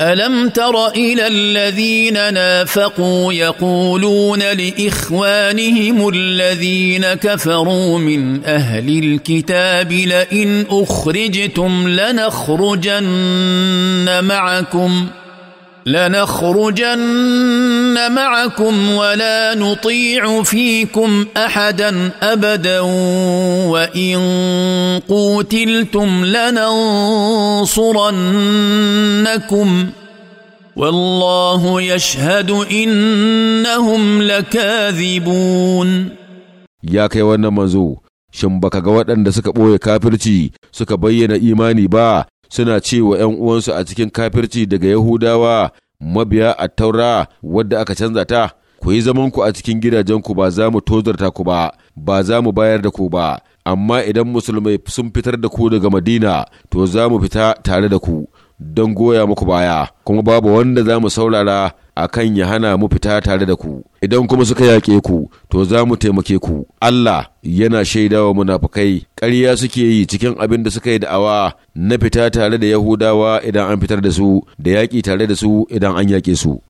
الم تر الى الذين نافقوا يقولون لاخوانهم الذين كفروا من اهل الكتاب لئن اخرجتم لنخرجن معكم لنخرجن معكم ولا نطيع فيكم احدا ابدا وان قوتلتم لننصرنكم والله يشهد انهم لكاذبون يا كي wannan manzo غوات ان ga كافرتي سكبين ايماني با suna ce wa ‘yan uwansu a cikin kafirci daga Yahudawa mabiya a taura wadda aka canza ta, ku yi zamanku a cikin gidajenku ba za mu tozarta ku ba, ba za mu bayar da ku ba, amma idan musulmai sun fitar da ku daga Madina, to za mu fita tare da ku. don goya muku baya kuma babu wanda za mu saurara a kan ya hana mu fita tare da ku idan kuma suka yaƙe ku to za mu taimake ku Allah yana shaidawa munafukai ƙarya suke yi cikin abin da suka yi da'awa na fita tare da Yahudawa idan an fitar da su da yaƙi tare da su idan an yaƙe su